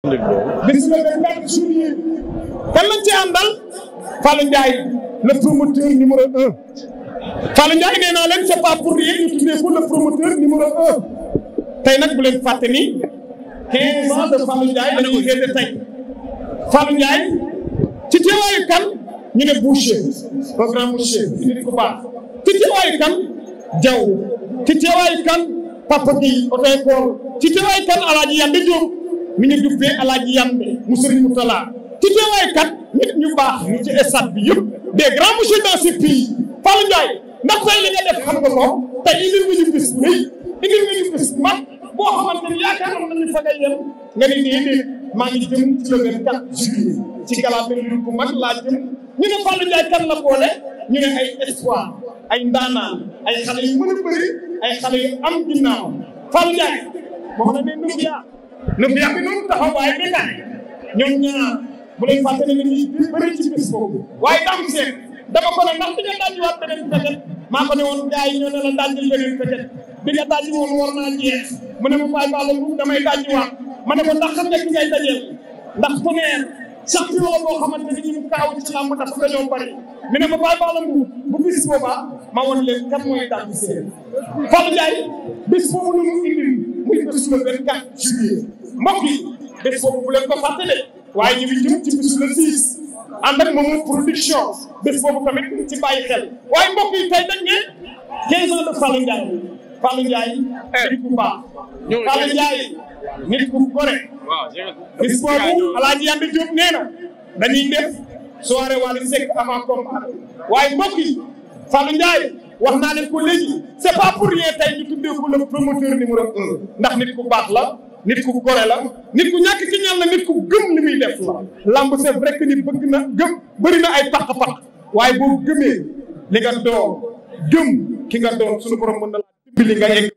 bis le 24 juillet kan lañ ci àndal Fallou Ndiaye le promoteur numéro un Fallou Ndiaye nee naa leen c'est pas pour rien ñu tuddee ko le promoteur numéro un tey nag bu leen fàtte ni quinze ans de Fallou Ndiaye la ñu génne tey Fallou Ndiaye ci teewaayu kan ñu ne boucher programme boucher kan jaw ci teewaayu kan Papa Guèye Otaï Koor ci kan Alaaji Yande Diop mi ñu duppee alaaji yambe mu sëriñ mu talaa ci teewaay kat nit ñu baax ñu ci stade bi yëpp de grands monsieur dans ce ndax tey li nga def xam nga ko tey indil nga maa ngi jëm ci le vingt-quatre juillet ci gala benn bu mag laa jëm ñu ne Fallou kan la boole ñu ne ay espoir ay ndaanaan ay xale yu mën a bëri ay xale yu am ginnaaw Fallou Ndiaye moo xam ne Nubia lu fi yàgg noonu taxaw waaye béykat ñoom ñaar bu leen fàtte ne dañuy bëri ci bis boobu waaye dam seet dama ko ne ndax di nga daaji waat beneen fetet maa ko ne woon gars yi ñoo ne la daajil beneen fetet bi nga daaji woon war naa ne ma bàyyi bàlla bu ma ne ko ndax xam nga ki ngay dajeel ndax ne ma bàyyi bàlla bu bu bis boobaa ma woon leen kat mooy daaji séeréer Fallou Ndiaye bis boobu lu mu indi muy bis le 24 juillet mbokk yi bés boobu bu leen ko fàtte de waaye ñu ngi jëm ci bisu le 6 ànd ak moomu production bés boobu tamit ci bàyyi xel waaye mbokk yi tey dañ ne 15 ans de Fallou Ndiaye Fallou Ndiaye nit ku baax Fallou Ndiaye nit ku gore bés boobu alaaji na dañuy def soirée wala sec avant combat waaye mbokk yi Fallou Ndiaye wax naa leen ko léegi c'est pas pour rien tey ñu tuddee ko le promoteur numéro un ndax nit ku baax la nit ku gore la nit ku ñàkk ki ñaan la nit ku gëm li muy def la lamb c'est vrai que nit bëgg na gëm bëri na ay paq-paq waaye boo gëmee li nga doon gëm ki nga doon suñu borom mën na laa dimbali nga yegg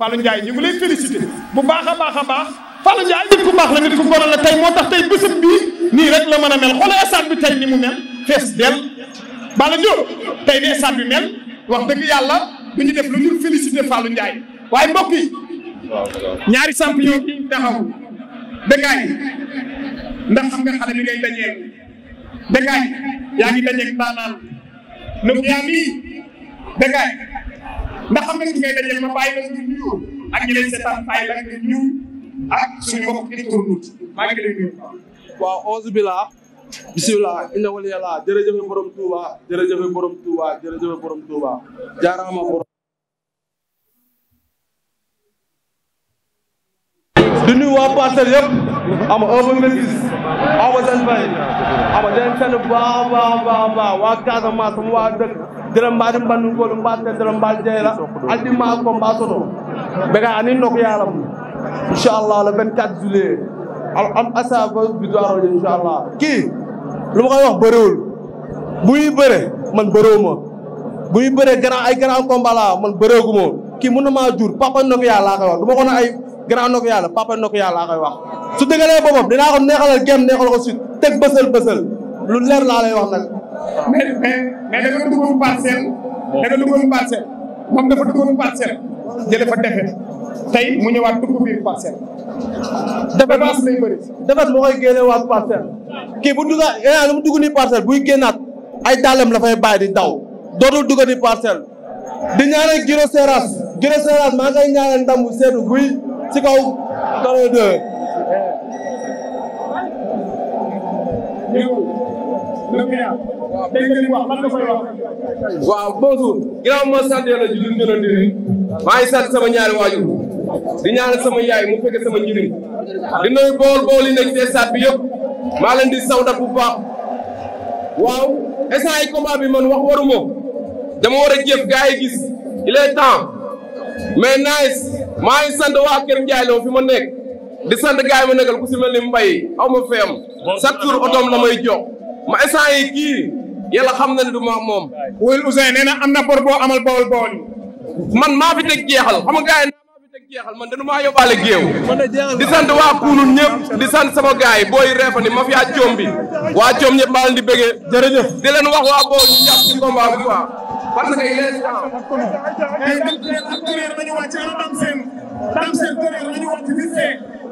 Fallou Ndiaye ñu ngi lay félicité bu baax a baax a baax Fallou Ndiaye nit ku baax la nit ku gore la tey moo tax tey bésëb bii nii rek la mën a mel xoolal stade bi tey ni mu mel fees del Balla Diop tey ni stade bi mel wax dëgg yàlla du ñu def lu ñu félicité Fallou Ndiaye waaye mbokk ñaari champion bi taxaw Bécaye ndax xam nga xale bi ngay dajeel yaa ngi dajeeg ndax xam nga ki ngay dajeel ma bàyyi la nga nuyu ak ñi lay seetaan bàyyi la nga suñu mbokk di turnut maa waaw onze bi laa bisimilah inna wali yàlla jërëjëfe borom Touba jërëjëfe borom Touba jërëjëfe borom Touba jaaraama borom di nuyu waa Parcelles yëpp ama ëpp nga gis ama seen ama den seen baax baax baax baax waa Casamance sama waa dëkk dërëm mbaadi mbandu koolu mbaate dërëm mbaadi jeyla aldi maa ko mbaa soto bega ani nok yaaram insha allah le 24 juillet al am asaba bi doaro insha allah kii lu ma koy wax bëriwul buy bëre man bëriwuma buy bëre grand ay grand combat la man bëreeguma kii mën na maa jur papa nok yaa laa koy wax ma ko ne ay grand nokku yàlla papa nokku yàlla laa koy wax su dëggalee boppam dinaa ko neexalal gem neexal ko sut teg bësal bësal lu leer laa lay wax nag. mais mais mais da nga duggoon parcelle. da nga duggoon parcelle. moom dafa duggoon tey mu ñëwaat dugg biir parcelle. defet avance lay bëri. defet dugga yaa eh, lu dugg nii parcelle buy génnaat ay dàllam la fay bàyyi di daw dootul dugg nii parcelle. di ñaanal Guiro Seras Guiro Seras maa ngay ñaanal ndam seetu guy. si kaw Balla 2 waaw bonjour ginnaaw ma sant yàlla ji luñ jëloon di maa ngi sant sama ñaari waajur di ñaanal sama yaay mu fekke sama njëriñ di nuyu bool bool yi nekk ci stade bi yëpp maa leen di sawda bu baax waaw instant yi combat bi man wax waru ma war a jëf gars yi gis il est temps mais nice maa ngi sant waa Kër Ndiaye Lo fi ma nekk di sant gaay ma nekkal ku si mel ni mbay aw ma fayam chaque jour otoom la may jox ma instant yi kii yàlla xam na ne du ma moom. wóyul Ousseyn nee na am na bor boo amal bawol bawol man maa fi teg jeexal xam nga gaay naa bi teg jeexal man danu maa yóbbaale géew di sant waa Koulun ñëpp di sant sama gaay booy reefani ma fi yaa coom bi waa coom ñëpp maa leen di bëggee jërëjëf di leen wax waa boo ñu jàpp ci combat bi quoi. parce que il est temps. mais ak kuréel ak kuréel la ñu wàcc ana Dame Sène Dame Sène kuréel la ñu wàcc